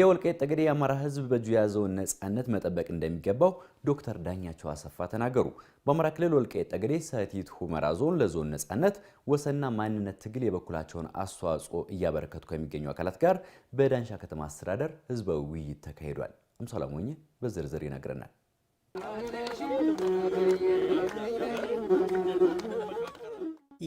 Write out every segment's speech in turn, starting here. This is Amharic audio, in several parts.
የወልቃይት ጠገዴ የአማራ ህዝብ በእጁ የያዘውን ነጻነት መጠበቅ እንደሚገባው ዶክተር ዳኛቸው አሰፋ ተናገሩ። በአማራ ክልል ወልቃይት ጠገዴ ሰቲት ሁመራ ዞን ለዞን ነጻነት ወሰንና ማንነት ትግል የበኩላቸውን አስተዋጽኦ እያበረከቱ ከሚገኙ አካላት ጋር በዳንሻ ከተማ አስተዳደር ህዝባዊ ውይይት ተካሂዷል። አምሳላ በዝርዝር ይነግረናል።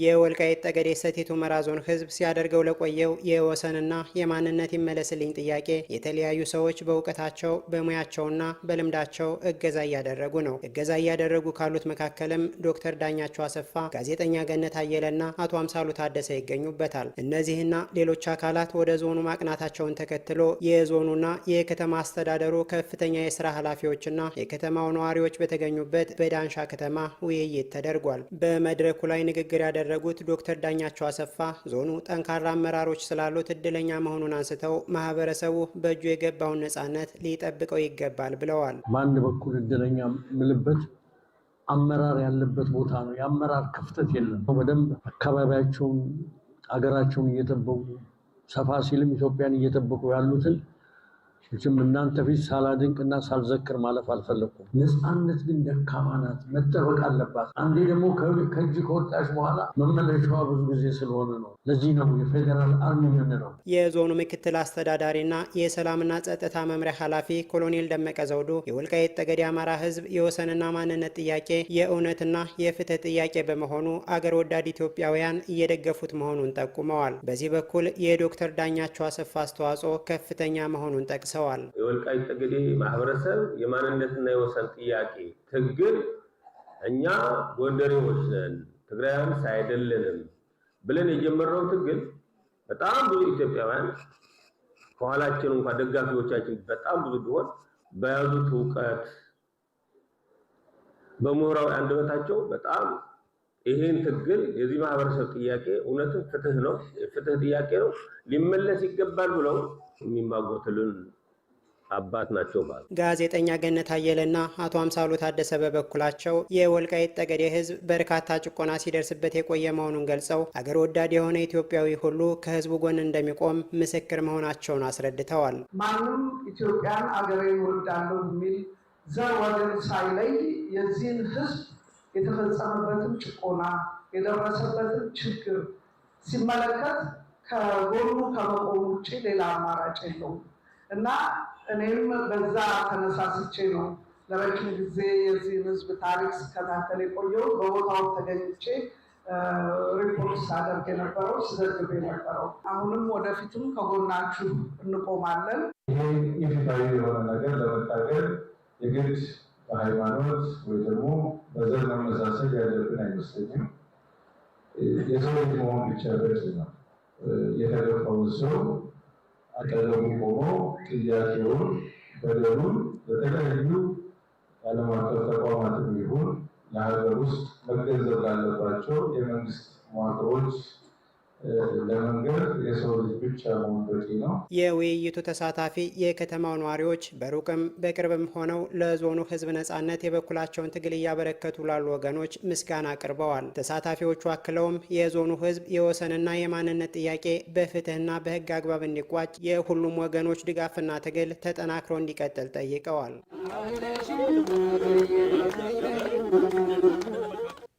የወልቃይት ጠገዴ ሰቲት ሁመራ ዞን ህዝብ ሲያደርገው ለቆየው የወሰንና የማንነት ይመለስልኝ ጥያቄ የተለያዩ ሰዎች በእውቀታቸው በሙያቸውና በልምዳቸው እገዛ እያደረጉ ነው። እገዛ እያደረጉ ካሉት መካከልም ዶክተር ዳኛቸው አሰፋ፣ ጋዜጠኛ ገነት አየለና አቶ አምሳሉ ታደሰ ይገኙበታል። እነዚህና ሌሎች አካላት ወደ ዞኑ ማቅናታቸውን ተከትሎ የዞኑና የከተማ አስተዳደሩ ከፍተኛ የስራ ኃላፊዎችና የከተማው ነዋሪዎች በተገኙበት በዳንሻ ከተማ ውይይት ተደርጓል። በመድረኩ ላይ ንግግር ያደ ያደረጉት ዶክተር ዳኛቸው አሰፋ ዞኑ ጠንካራ አመራሮች ስላሉት እድለኛ መሆኑን አንስተው ማህበረሰቡ በእጁ የገባውን ነፃነት ሊጠብቀው ይገባል ብለዋል። በአንድ በኩል እድለኛ ምልበት አመራር ያለበት ቦታ ነው። የአመራር ክፍተት የለም። በደንብ አካባቢያቸውን አገራቸውን እየጠበቁ ሰፋ ሲልም ኢትዮጵያን እየጠበቁ ያሉትን መቼም እናንተ ፊት ሳላድንቅና ሳልዘክር ማለፍ አልፈለኩም። ነፃነት ግን ደካማ ናት፣ መጠበቅ አለባት። አንዴ ደግሞ ከእጅ ከወጣች በኋላ መመለሻዋ ብዙ ጊዜ ስለሆነ ነው። ለዚህ ነው የፌዴራል አርሚ የምንለው። የዞኑ ምክትል አስተዳዳሪና የሰላምና ጸጥታ መምሪያ ኃላፊ ኮሎኔል ደመቀ ዘውዱ የወልቃይት ጠገዴ አማራ ሕዝብ የወሰንና ማንነት ጥያቄ የእውነትና የፍትህ ጥያቄ በመሆኑ አገር ወዳድ ኢትዮጵያውያን እየደገፉት መሆኑን ጠቁመዋል። በዚህ በኩል የዶክተር ዳኛቸው አሰፋ አስተዋጽኦ ከፍተኛ መሆኑን ጠቅሰዋል። ጠቅሰዋል። የወልቃይት ጠገዴ ማህበረሰብ የማንነትና የወሰን ጥያቄ ትግል እኛ ጎንደሬዎች ነን ትግራይም አይደለንም ብለን የጀመረው ትግል በጣም ብዙ ኢትዮጵያውያን ከኋላችን እንኳን ደጋፊዎቻችን በጣም ብዙ ቢሆን በያዙት እውቀት በምሁራዊ አንደበታቸው በጣም ይሄን ትግል የዚህ ማህበረሰብ ጥያቄ እውነትም ፍትህ ነው፣ ፍትህ ጥያቄ ነው፣ ሊመለስ ይገባል ብለው የሚማጎትልን አባት ናቸው ማለት ጋዜጠኛ ገነት አየለና አቶ አምሳሉ ታደሰ በበኩላቸው የወልቃይት ጠገዴ ህዝብ በርካታ ጭቆና ሲደርስበት የቆየ መሆኑን ገልጸው አገር ወዳድ የሆነ ኢትዮጵያዊ ሁሉ ከህዝቡ ጎን እንደሚቆም ምስክር መሆናቸውን አስረድተዋል። ማንም ኢትዮጵያን አገሬን ወዳለ የሚል ዘር ወገን ሳይለይ የዚህን ህዝብ የተፈጸመበትን ጭቆና የደረሰበትን ችግር ሲመለከት ከጎኑ ከመቆም ውጭ ሌላ አማራጭ የለውም። እና እኔም በዛ ተነሳስቼ ነው ለረጅም ጊዜ የዚህን ህዝብ ታሪክ ስከታተል የቆየው በቦታው ተገኝቼ ሪፖርት ሳደርግ የነበረው ስዘግብ የነበረው አሁንም ወደፊትም ከጎናችሁ እንቆማለን። ይሄ ኢፍትሐዊ የሆነ ነገር ለመታገል የግድ በሃይማኖት ወይ ደግሞ በዘር መመሳሰል ያለብን አይመስለኝም። የሰው ልጅ መሆን ብቻ በቂ ነው። የተገፋውን ሰው አጠገቡ ቆሞ ጥያቄውን በደሉን በተለያዩ ዓለም አቀፍ ተቋማትም ይሁን ለሀገር ውስጥ መገንዘብ ላለባቸው የመንግስት መዋቅሮች ለመንገድ የሰው ልጅ ብቻ መሆን በቂ ነው። የውይይቱ ተሳታፊ የከተማው ነዋሪዎች በሩቅም በቅርብም ሆነው ለዞኑ ሕዝብ ነጻነት የበኩላቸውን ትግል እያበረከቱ ላሉ ወገኖች ምስጋና አቅርበዋል። ተሳታፊዎቹ አክለውም የዞኑ ሕዝብ የወሰንና የማንነት ጥያቄ በፍትህና በህግ አግባብ እንዲቋጭ የሁሉም ወገኖች ድጋፍና ትግል ተጠናክሮ እንዲቀጥል ጠይቀዋል።